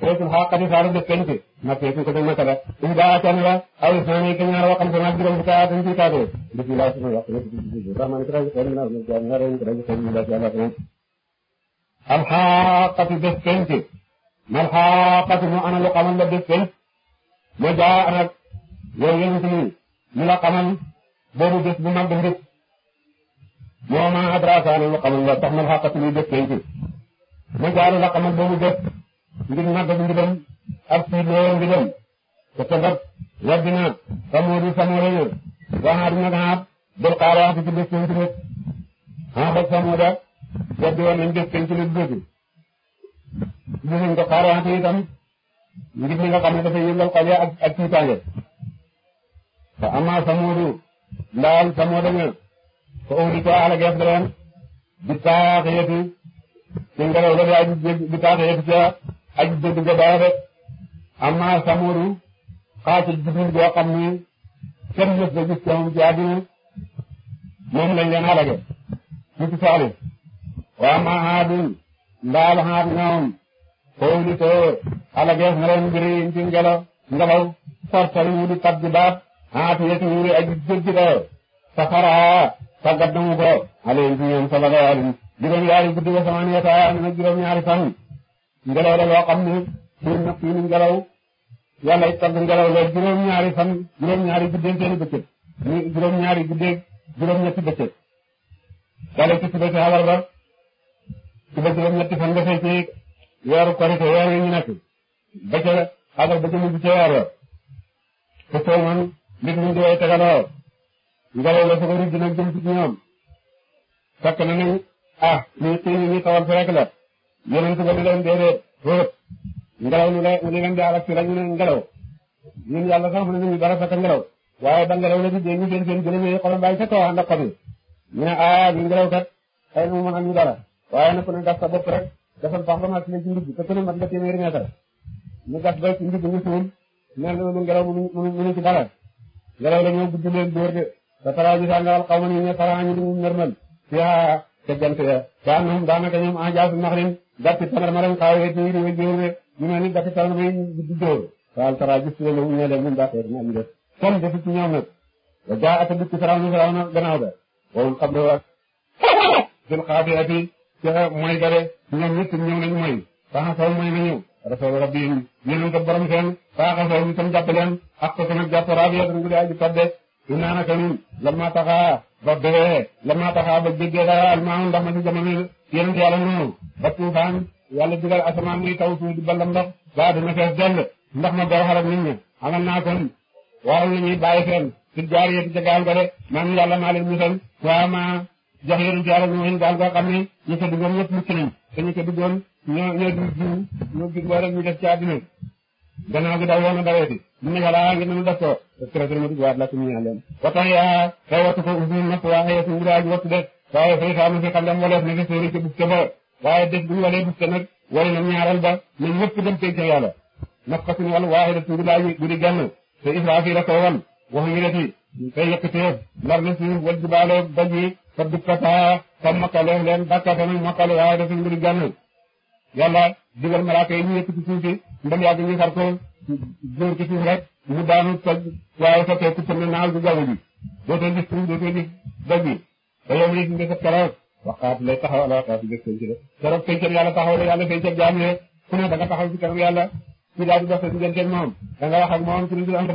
سورة الحاقة رسالة بالتنسي مكية كتب مثلا إذا أتنوا أو إثنان كنا وقم سماك بلو ساعات في كابه بسم الله سبحانه وتعالى الرحمن الرحيم خير من أرض الجامعة رأي كراج خير من الله سبحانه الحاقة بالتنسي ما الحاقة معنى لقمان بالتنس وجاء يوينتني ملقمان بوبو بسم الله بهرس وما أدراك عن لقمان لا تحمل حاقة بالتنسي وجاء لقمان بوبو بسم ngir màggal ngidam ak si loo ngidam te sabab waddina samoori samoori wa haat nag haat bul xaar wax ci bés penc rek haat ak samooda waddi woon nañ bés penc rek bëgg gisuñ ko xaar wax itam nga xam ne dafay yëngal xol ya ak ak tiitaange fa ama samoodu nga fa uhlika ala gees leen bi taaxiyati ci ngelaw la di aj bi aj dëgg ga dara rek amma samuuru xaatul jibril boo xam ne kenn mës moom ci àddina moom lañ leen halage ci ci soxli wa amma haadun ndaal haad ñoom fowli to halagees na leen mbiri ci ngelaw ngelaw fortali wudi tab di baat safaraa taggat na ko alayhi ci ñoom sallallahu alayhi juróom yaari guddi ngelaw la loo xam ne ñun nag ñu ngelaw yàlla it tagg ngelaw la juróom-ñaari fan juróom-ñaari guddee seeni bëccëg muy juróom-ñaari guddee juróom-ñetti bëccëg. yàlla ci suba ci xabar ba suba juróom-ñetti fan nga fay ci weeru korite weer yi ñu nekk ba ca xabar ba ca mujj ca weer la te soo man nit ñi di way tegaloo ngelaw la su ko rëdd nag jëm ci ñoom fekk na ne ah lii xëy na ñu tawal fi rek la. yonent ba ni leen déedéet xóot ngelaw lu ne li leen di alak si la ñu ne ngelaw ñun yàlla sax mu ne ñu dara fekk ngelaw waaye ba ngelaw la di dee ñu seen seen gëlëm yi xolam bàyyi ca kaw ànd ak xob yi ñu ne ah ñu ngelaw kat xëy na mu mën am ñu dara waaye nag ku ne gas sa bopp rek defal pax ba mat la ci ndigg te ku ne mat la téeméeri mètre ñu gas ba ci ndigg ñu suul mel na lu ngelaw mënu mënu ci dara ngelaw la ñoo gudd leen dóor de te taraa ji sàngal xaw ma ni ñu ne taraa ñu duñu normal fiyaa ca jant ya daanaka ñoom ajaatu naxrin datti sabar ma leen xaawee te ñu jéem rek ñu ne ni datti sabar may di jóor waaw saraa gis nga lu ñu def ñun daa fekk ñu def kon defu ci ñoom nag da jaa ak dikk saraa ñu saraa na gannaaw ba wala xam nga waa jël xaafi ati ca mooy gare ñoom ñëpp ñëw nañ mooy saxa saw mooy na ñëw rasul rabbi yéen a borom seen saxa saw ñu tam jàpp leen ak ko sama jàpp rabia tan guddi aji tabbe inna naka ñun lan maa taxaa ba déwee lan maa taxaa ba déggee dara almaaw ndox ma ci jamono yonent yàlla noonu ba tuufaan yàlla digal asamaan muy taw suuf di ballam ndox waaw dina fees dell ndox ma boo xarak nit ñi amal naa kon waral nañuy bàyyi seen si jaar yéen ca gaal ga de man yàlla maa leen musal waaw maa jox yonent yàlla noonu gaal goo xam ne ñu ko ñu ko ñu def ci àddina gannaaw gi daw yoonu daweeti mu ne yàlla ngi nanu def ko trétr ma dugwaat la sumu ñaan leen watan ya xay wattu ko usni napp waaye suñu daaji ah, wattu de waaye fay saama fi xandam waleef ne fi sóori ca bufte ba waaye des buñu walee bufte nag wari na ñaaral ba na ñëpp dem tey ca yàlla naf ka suñu wal waaye da suñu daaji guddi gann te israfi la ko wan waxu ñu deti tey yëkk lar ne suuf wal jibaalo daji fa dukkata fa makkaleef leen dakka tamit makkale waaye da suñu guddi gann yàlla digal malaaka yi ñu yëkkati suuf si ndem yàgg far ko dóor ci suuf rek mu daanu toj waaye fekkee ku tënne naaw bi jaww ji dootoo gis te yow mi ngi ko keroog waxaat lay taxaw ala waxaati bés penc la keroog pencam yàlla taxaw la yàlla pencam jaam ne ku ne da nga taxaw ci kanam yàlla ci daal di dox sa diggante ak moom da nga wax ak moom ci lu dul am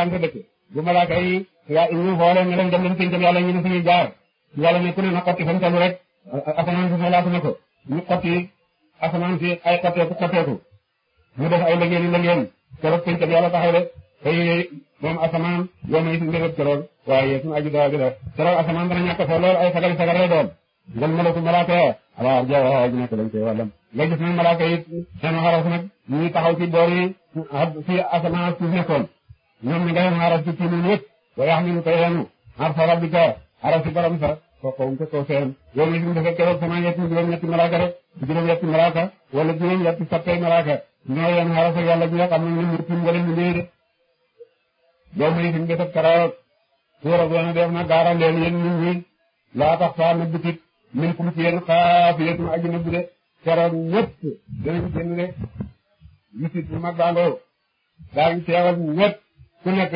tam bëreet wal bu malaaka i yaa ñu xoole ne leen dem leen pénc ñu ne fi ñuy jaar yàlla ne ku ne a xotti fa mu rek asamaan si xalaatu na ko ñu xotti asamaan si ay xotteeku xotteeku mu def ay lëgeen lëgeen keroog pénc yàlla taxaw de te moom asamaan yow may mbébét keroog waaye suñu aju daaw bi la keroog asamaan dana ñàkk fa lool ay sagal sagal lay doon ngal malaku a ya waaw jaww waaw ji nekk lañ koy nag ñuy taxaw ci boor yi fi asamaan suuf ñoom ñu ngay xaaral ci ci ñun yëpp waaye xam nañu ko yéen a xar sa bi ca xaaral si borom sa kooku am ko seen yow mii fi mu defee keroog sama ñetti juróom-ñetti malaaka rek juróom-ñetti malaaka wala juróom-ñetti sattay malaaka ñoo sa yàlla ñu am nañu ne mu wala ñu ñëwee de. yow mii fi mu defee keroog keroog a def na gaara leen yéen ñun ñii laa tax faa min kum ci yéen xaafi yéen mu aju nëbb de keroog ñëpp danañ génn de wisit bu mag ku nekk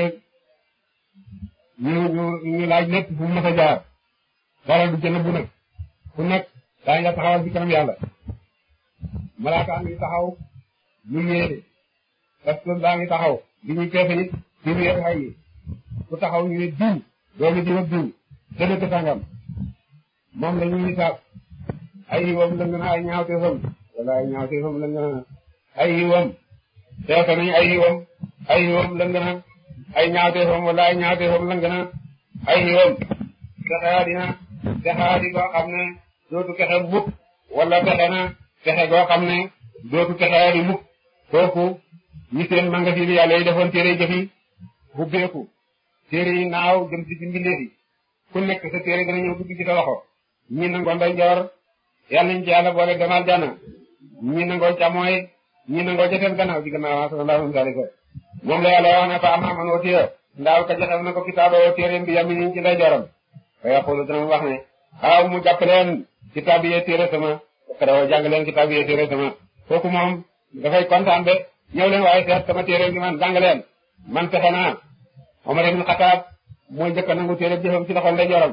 ñu laaj lépp fu mu mës a jaar dara du jënd ku nekk daañu la taxawal ci kanam yàlla malaaka ngi taxaw ñu yéete parce que ngi taxaw li ñuy peese it fi mu yéete xaw ku taxaw ñu ne diw doomu diw ak diw dëgg sangam moom la ñuy misaal ay yiwam la ngeen ay ñaawteefam wala ay ñaawteefam ay yiwam peese nañu ay ay yiwam la ngeen ay ñaawteefam wala ay ñaawteefam lang na ay niram texea dina texea di goo xam ne dootu texe mukk wala texe na texe goo xam ne dootu texea di mukk kooku ñi seen magasin bi yàlla yi defoon téere jëfi hubbeeku téere yi naaw jëm ci mbindeef yi ku nekk sa téere dana ñëw dugg ci sa loxo ñi nangoo ndeyjoor yàlla nañ ci yàlla boole demal jànna ñi nangoo càmmooy ñi nangoo ca seen gannaaw ci gannaaw sallallahu alayhi wa moom la yàlla wax ne fa amma man utiya ndaw ka na ko kitaaboo téeréem bi yamini ci ndeyjooram fa yaqulu dana wax ne aw mu jàpp leen kitaab yi téere sama kadawoo jàng leen kitaab yi téere sama kooku moom dafay kontaan de ñëw leen waaye seet sama téeréem bi man jàng leen man fexe naa Omar ibn Khattab mooy njëkk a nangu téere jëfam ci loxo ndeyjooram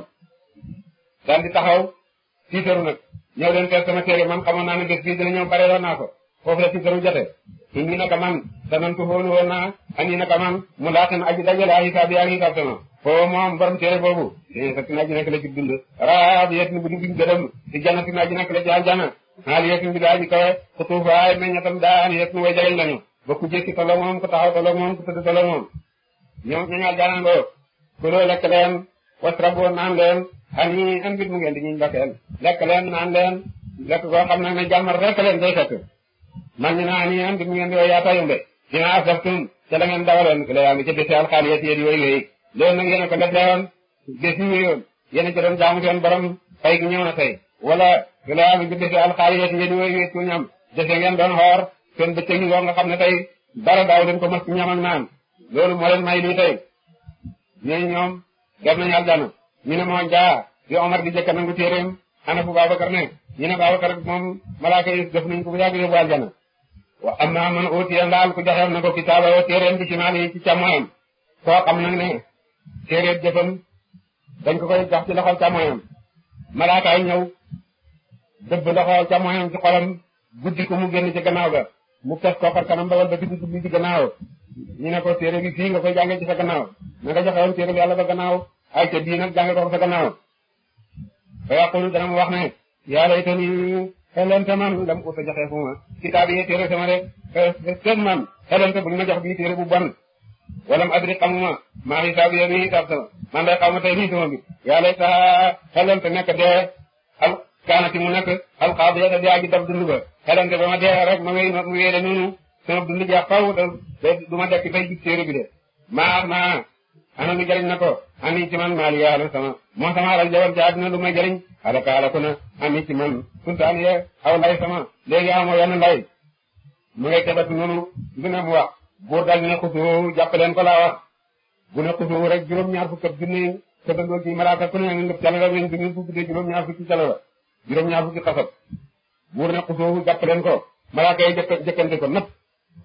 di taxaw tiitaru nag ñëw leen seet sama téere man xamoon naa ne bés bii inni naka man danantu xool woon naa ani naka man mu laaxin aji dajale ay hisaab yi ak hisaab sama foofu moom borom téere boobu yéen sa tina aji nekk la ci dund raadiyatin bu di buñ gërëm ci jannatin aji nekk la ci aljana aaliyatin bi daaji kawe xutuufaay meññatam daaniyatin way jariñ lañu ba ku jékki tolloog moom ku taxaw tolloog moom ku tëdd tolloog moom ñoom ñooñu aljana ngoo kuloo lekk leen wasraboo naan leen ani an bit mu ngeen di ñuy bakkeel lekk leen naan leen lekk koo xam ne ne jàmmar man ñu naan yi am di ngeen yooyu yaa tayumbe dina asaftum ca la ngeen dawaloon fi la yaa ngi ca bési alxaaliyat yéen yooyu léegi loolu nag yéen a ko lebleewoon bési a ci jaamu seen borom fay gi na tey wala fi la yaa ngi ca bési alxaaliyat yéen ku ñam dese ngeen doon xoor seen bëccëg yi nga xam ne tey dara daaw leen ko mos ci ñam ak naan loolu moo leen may lii tey ñooñu ñoom dem nañu aljana ñu ne moo jaa bi Omar di jëkk nangu téeréem ana fu Babacar ñu ne Babacar moom malaaka yi def nañ ko wa amma man utiya ndaal ku joxeem na ko kitaaba wa téeréem bi ci maal yi ci càmmoñam koo xam nag ne téeréet jëfam dañ ko koy jox ci loxol càmmoñam malaakaay ñëw dëbb loxol càmmoñam ci xolam guddi ko mu génn ci gannaaw ga mu ko far kanam ba wal ba ci gannaaw ñu ne ko téere bi nga koy jàngee ci sa gannaaw na nga joxewoon téere bi yàlla ba gannaaw ay te bii nag ko sa gannaaw fa yaqulu dana mu wax ne yaa laytani xelente man lam uta joxe fu ma kitaab yi téere sama rek feeg eh, eh, man xelente bu ñu ma jox bii téere bu bon walam adri xamuma maa xisaab yéen i xisaab sama man de xamuma tey nii sama bi yàlla sa xelente nekk dee al kaanati mu nekk al xaab yada di aji dab dund ba xelente ba ma dee rek ma wéy mu wéy de noonu sama dund ja faw te du ma dekk tey jub téere bi de maa maa ana lu jariñ na ko ami ci man maal yaa la sama moo sama alal jawar ci àdduna lu may jëriñ alaka alaku na ami ci man sultaan ye aw lay sama léegi amoo yenn lay mu ngay tebatu noonu gune bu wax buur daal ne xusuwu jàpp leen ko laa wax bu ne xusuwu rek juróom-ñaar fukk ak junne te dangoo gi malaaka ku ne nga ngëp calala wen duni bu guddee juróom-ñaar fukki calala juróom-ñaar fukki xasab buur ne xusuwu jàpp leen ko malaaka yi jëkkante ko nëpp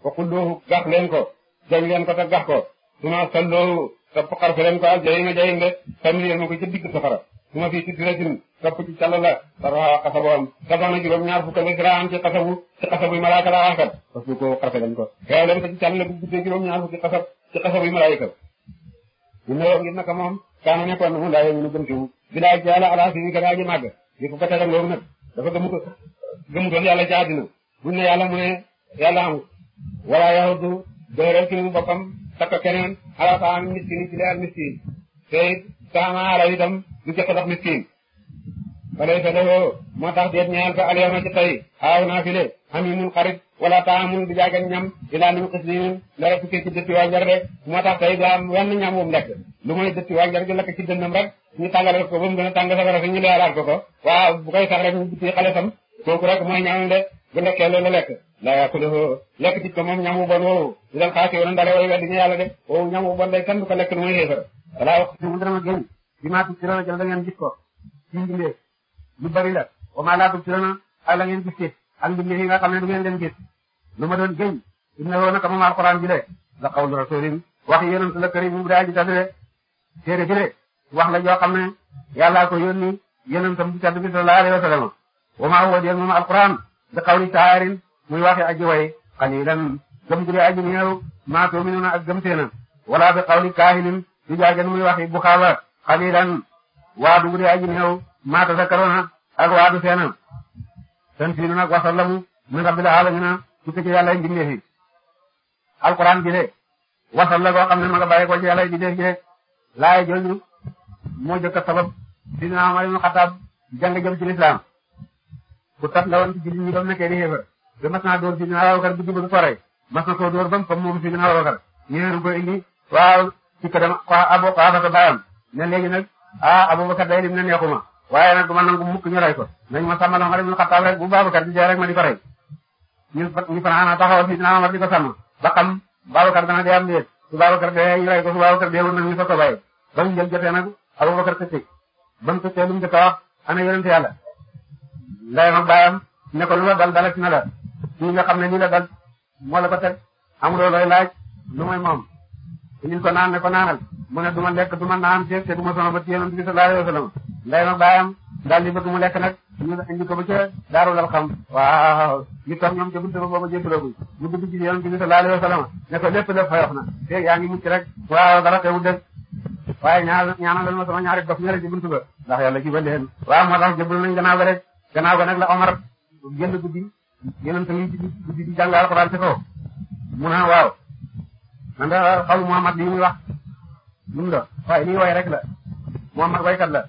ko xulloohu gax leen ko jañ leen ko te gax ko suma salloohu topp xar fa leen ko aljahiim a jahiim de famille yéen ma ko ca digg safara su ma fii sidratin topp ci càll la sarwaxa xasabu am sabaa na juróom ñaar fukk ak am ci xasabu ci xasabu malaaka la axkat ko xarfe ko xeew leen ko ci càll la bu guddee juróom ñaar fukki xasab ci xasabu malaayika ñu ne ngir naka moom kaana nekkoon na mu laa yéen ñu gëm ci bi laa jaala ala si ka aji màgg di ko ko tegal loolu nag dafa gëmu ko gëmu doon yàlla ci àddina buñ ne yàlla mu takk keneen ala taam miskin ci leer miskin te it saamaara itam du jox ndox miskin balay sa defoo moo tax déet ñaal ko alyawma ci tey xaaw naa fi de xamimun xarit taamun du jaagen ñam ilaa min qislinin dara tukkee ci dëtti wàñjar rek moo tax tey du am ñam wu lekk lu mooy dëtti wàñjar gi lekk ci dënnam rek ñu tàngalal ko ko ko sax rek ñu butti xale sam kooku rek mooy ñamam de bu nekkee leen a lekk laa yàquloo lekk ci ko moom ñamu bon woowu di dal xaasi woon ndale way weddi ñu yàlla de woowu ñamu day kenn du ko lekk nu muy xéefar walaa wax mu dara ma génn bi maa tub sirona jël la ko ci mbindee lu bari la wa maa laa tub sirona ak la ngeen gis ci ak mbindee yi nga xam ne du ngeen leen gis lu ma doon génn inna woo naka moom alquran bi le la qawlu rasulin wax yonent la karim bu daa ji tadde téere bi wax la joo xam ne yàllaa ko yónni yonentam bu tedd bi bi xawli taarin muy waxe aji way xalilan gëm gu dee aji néew maa tuminuna ak gëm teena wala bi xawli kaahinin du jaagen muy waxi bu xaaba xalilan waadu gu dee aji néew maa tasakarona ak waadu teena ten fiinu nag wasallamu min rabbil alamina ci ci yàlla mbindee fi alquran bi de wasal la koo xam ne ma nga ko ci yàlla mbindee fi de jooju moo jëkk sabab sidina Umar ibn Xattaab jàng jëm ci lislaam bu tat la woon ci jullit ñi ba mu nekkee di xéefar ba mas naa dóor si dina Abubakar bu jublu ko rey mas na koo dóor ba mu comme moom si dina Abubakar ñëwee ko indi waaw ci kadam xaa abo xaa fa baayam ne léegi nag ah Abubakar day lim ne neexuma waaye nag duma ma mukk ñu rey ko nañ ma sàmmal Omar ibn Xattaab rek bu Babakar di dee ma di ko rey ñu ñu fanaana taxawal si dina Omar di ko sàmm ba xam Babakar dana dee am déet su Babakar dee ñu rey ko su Babakar dee woon nag ñu fa ko bàyyi ba mu jël jotee nag Abubakar a wax ana ndeyam ak baayam ne ko lu la dal dalati na la fii nga xam ne nii la dal moo la ko teg amuloo looy laaj lu mooy moom indil ko naan ne ko naanal mu ne du ma lekk du ma naan te te du ma sono ba ci yonent bi sallallahu alayhi wa sallam ndeyam ak baayam daal di bëgg mu lekk nag ñu indi ko ba ca daaru lal xam waaw ñu toog ñoom ca buntu ba booba jébbaloogul ñu dugg ci yonent bi sallallahu alayhi wa sallam ne ko lépp lépp fayox na te yaa ngi mucc rek waaw dara xewul def waaye ñaanal ñaanal ma sama ñaari dof ñaari ci buntu ba ndax yàlla jubal leen waaw moo tax jébbal nañ gannaaw ba rek gannaaw ga nag la Omar génn guddi yeneen tamit ci guddi di jàng alxuraan ci kaw mu ne waaw man da xaw Muhammad li muy wax lu mu la waaye lii way rek la Muhammad waykat la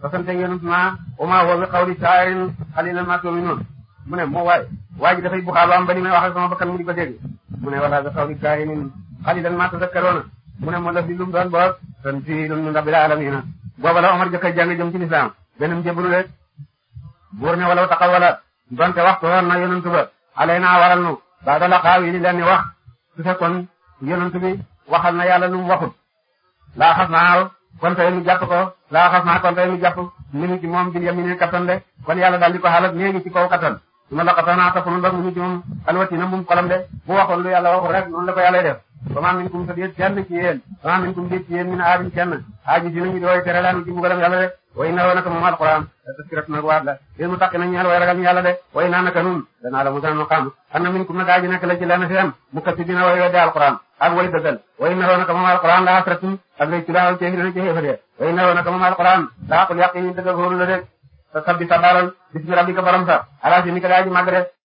te sant yonent naa wama huwa bi qawli shaa'irin qaliilan maa tu'minuun mu ne moo waay waa ji dafay buxaalu am ba ni may wax ak sama bakkan mu di ko dégg mu ne wala bi qawli kaahinin qaliilan maa tazakkaruun mu ne moo def li lu mu doon boos tanziilun min rabbil aalamiin booba la Omar jëkk a jàng jëm ci lislaam benn mu buur ne wala taqawala donte waxtu woon na yonent ba alaynaa waral nu baada la xaaw yi ni leen ni wax su fekkoon yonent bi waxal na yàlla lu mu waxut laa xas naa kon tey ñu jàpp ko laa xas naa kon tey ñu jàpp minu ci moom bil yamini de kon yàlla daal di ko xaalat léegi ci kaw kattan su ma la kattanaa topp nu doon minu ci moom alwatina mum xolam de bu waxoon lu yàlla waxul rek noonu la ko yàlla wama minkum sa déet kenn ci yéen wama minkum déet ci yéen min aabin kenn aaji dinañu di way tere laanu ci mbugalam yàlla de way na woo naka moom alquran la taskirat nag waat la lil mu taqi na ñeel way ragal yàlla de way naa naka nun danaa la mu san mu xam anna minkum nag aaji nekk la ci lenn fi am mu katti dina way wedde alquran ak way dëggal way na woo naka moom alquran la hasratun ak lay ci laaw ceefi dana ci xéefade way na woo naka moom alquran la aqul yaqin dëggal xoolu la de sa sabbi sa baral bismi rabbika borom sa ala si ni ka daaji màgg de